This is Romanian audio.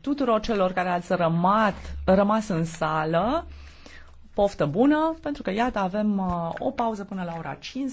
tuturor celor care ați rămat, rămas în sală. Poftă bună, pentru că iată avem uh, o pauză până la ora 15.